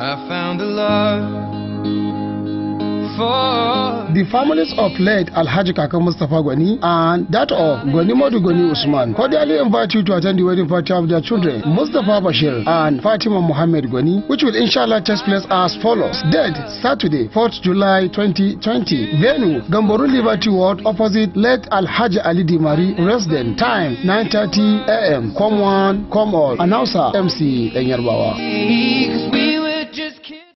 I found the love for the families of late Alhaji Kaka Mustafa Gwani and that of Gwani Modu Gwani Usman cordially invite you to attend the wedding party of their children, Mustafa Bashir and Fatima Mohammed Gwani, which will inshallah take place as follows. Date Saturday, 4th July 2020. Venue Gamboru Liberty Ward opposite late Alhaji Ali Dimari resident. Time 9.30 a.m. Come one, come all. Announcer MC Enyarbawa.